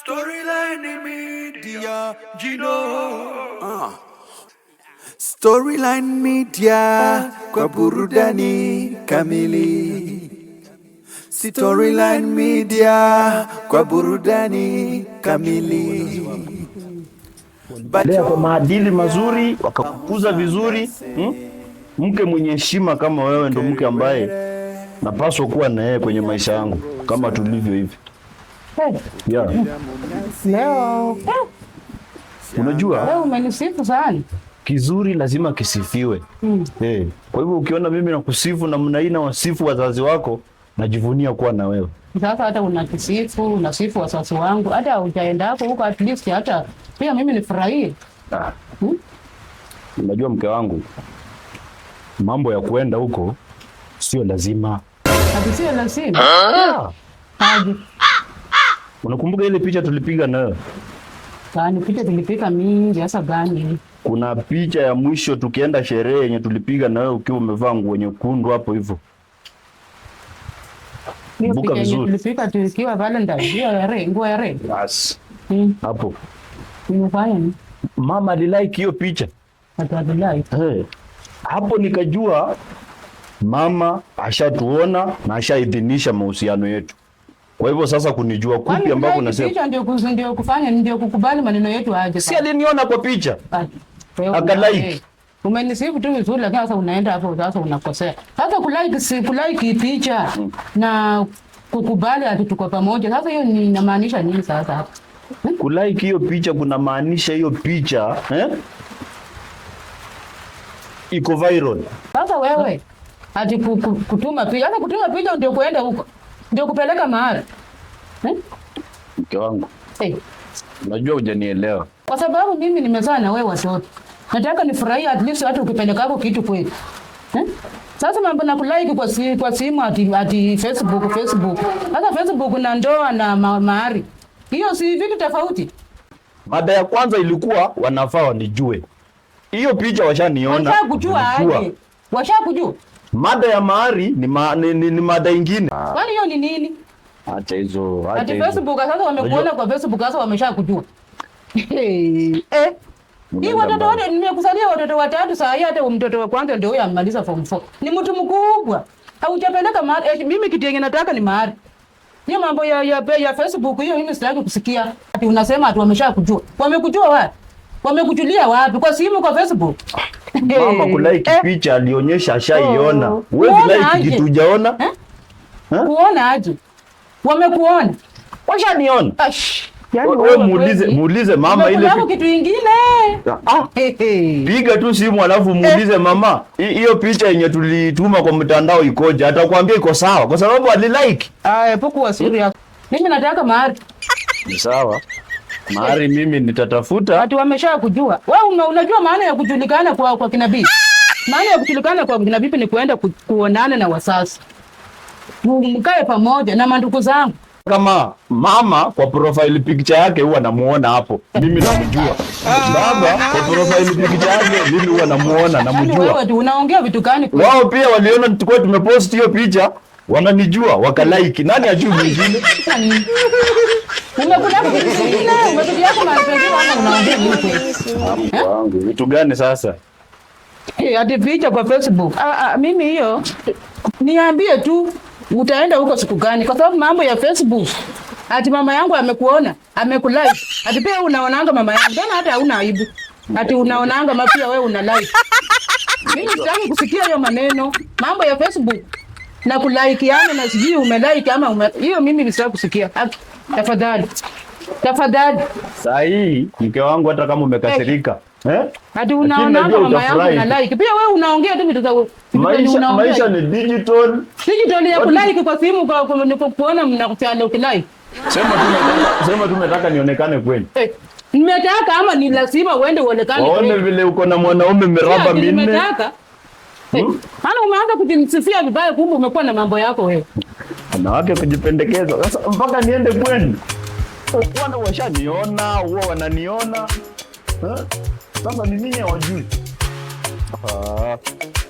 Storyline Media, Gino. Ah. Storyline Media kwa burudani kamili. Storyline Media kwa burudani kamili. Balea kwa maadili mazuri wakakukuza vizuri hmm? Mke mwenye heshima kama wewe ndo mke ambaye napaswa kuwa na yeye kwenye maisha yangu kama tulivyo hivi. Unajua? umenisifu sana. Kizuri lazima kisifiwe. Mm. Hey. Eh, kwa hivyo ukiona mimi nakusifu namna hii na wasifu wazazi wako, najivunia kuwa na wewe. Sasa hata unakisifu, unasifu wazazi wangu, hata ujaenda hapo huko, at least hata pia mimi nifurahie. Ah. Hmm? Unajua mke wangu, mambo ya kuenda huko sio lazima. Sio lazima. Ah. Unakumbuka ile picha tulipiga nayo? Gani ah, picha tulipiga mingi hasa gani? Kuna picha ya mwisho tukienda sherehe yenye tulipiga nayo ukiwa umevaa nguo nyekundu hapo hivyo. Kumbuka vizuri. Tulipiga tukiwa Valentine, hiyo ya re, nguo ya re. Yes. Hmm. Hapo. Nimefanya nini? Mama alilike hiyo picha. Hata Atalike. Hey. Hapo nikajua mama ashatuona na ashaidhinisha mahusiano yetu. Kwa hivyo sasa kunijua kupi ambao unasema. Hicho ndio ndio kufanya ndio kukubali maneno yetu aje. Si aliniona kwa picha. Akalike. Eh, umenisifu tu vizuri lakini sasa unaenda hapo sasa unakosea. Sasa kulike si kulike picha na kukubali ati tuko pamoja. Sasa hiyo ni inamaanisha nini sasa hapa? Hmm? Kulike hiyo picha kuna maanisha hiyo picha eh? Iko viral. Sasa wewe ati kutuma picha, yaani sasa kutuma picha ndio kuenda huko ndio kupeleka mahala eh? Hmm? Mke wangu hey. Eh. Unajua hujanielewa kwa sababu mimi nimezaa na wewe watoto, nataka nifurahia at least hata ukipeleka hapo kitu kweli eh? Hmm? Sasa mambo na kulike kwa si, kwa simu ati, ati Facebook Facebook. Sasa Facebook na ndoa na ma, mahari hiyo si vitu tofauti. Mada ya kwanza ilikuwa wanafaa wanijue hiyo picha, washaniona. Washakujua aje? Washakujua Mada ya mahari ni, ma, ni, ni, ni mada ingine. Ah. Kwani hiyo ni nini? Acha hizo, acha hizo. Facebook sasa wamekuona kwa Facebook sasa wameshakujua. Eh. Hii watoto wote nimekusalia watoto watatu saa hii hata mtoto wa kwanza ndio huyo amemaliza form 4. Ni mtu mkubwa. Haujapeleka mahari. Eh, mimi kitu yenye nataka ni mahari. Hiyo mambo ya ya, ya Facebook hiyo mimi sitaki kusikia. Ati unasema ati wameshakujua. Wamekujua wapi? Wamekujulia wapi? Kwa simu kwa Facebook? mama kulike eh, picha alionyesha ashaiona. Oh, wewe like kitu hujaona eh? Kuona aje? Wamekuona washaniona. Ah, yani wewe muulize muulize mama ile kitu kingine. Ah, ah piga tu simu alafu muulize eh. mama, hiyo picha yenye tulituma kwa mtandao ikoje? Atakwambia iko sawa, kwa sababu alilike. Ah, epuka siri yako. Mimi nataka mahari. Ni sawa. Mari, mimi nitatafuta. Watu wamesha kujua. Wewe unajua maana ya kujulikana kwa, kwa kinabii? Maana ya kujulikana kwa kinabii ni kuenda ku, kuonana na wasasi, mkae pamoja na mandugu zangu. Kama mama kwa profile picture yake huwa namuona hapo, mimi namjua. Baba kwa profile picture yake mimi huwa namuona, yaani namjua. Unaongea vitu gani? Wao pia waliona tukuwa tumepost hiyo picha, wananijua wakalike. Nani ajui mwingine? Yaani- Vitu gani sasa? Eh, ati picha kwa Facebook. Ah, ah, mimi hiyo niambie tu utaenda huko siku gani? Kwa sababu mambo ya Facebook ati mama yangu amekuona, amekulike. Ati pia unaonanga mama yangu. tena, hata hauna aibu? Ati unaonanga mapia wewe una like. Mimi sitaki kusikia hiyo maneno. Mambo ya Facebook na kulike yana na sijui umelike ama ume... Hiyo mimi nisitaki kusikia. Aki. Tafadhali. Tafadhali. Saa hii mke wangu hata kama umekasirika. Hey. Eh? Hadi unaona mama yangu na like. Pia wewe unaongea tu vitu za maisha, maisha ni digital. Digital ya ku like kwa simu kwa kuona mnakutana ukilike. Sema tu sema tu nataka nionekane kweli. Hey. Nimetaka ama ni lazima uende uonekane kweli. Waone vile uko na mwanaume miraba minne. Nimetaka. Hmm? Maana umeanza kujinisifia vibaya kumbe umekuwa na mambo yako wewe wanawake kujipendekeza. Sasa mpaka niende kwenu, wana washaniona huwa wananiona sasa, ni nini hawajui? Ah.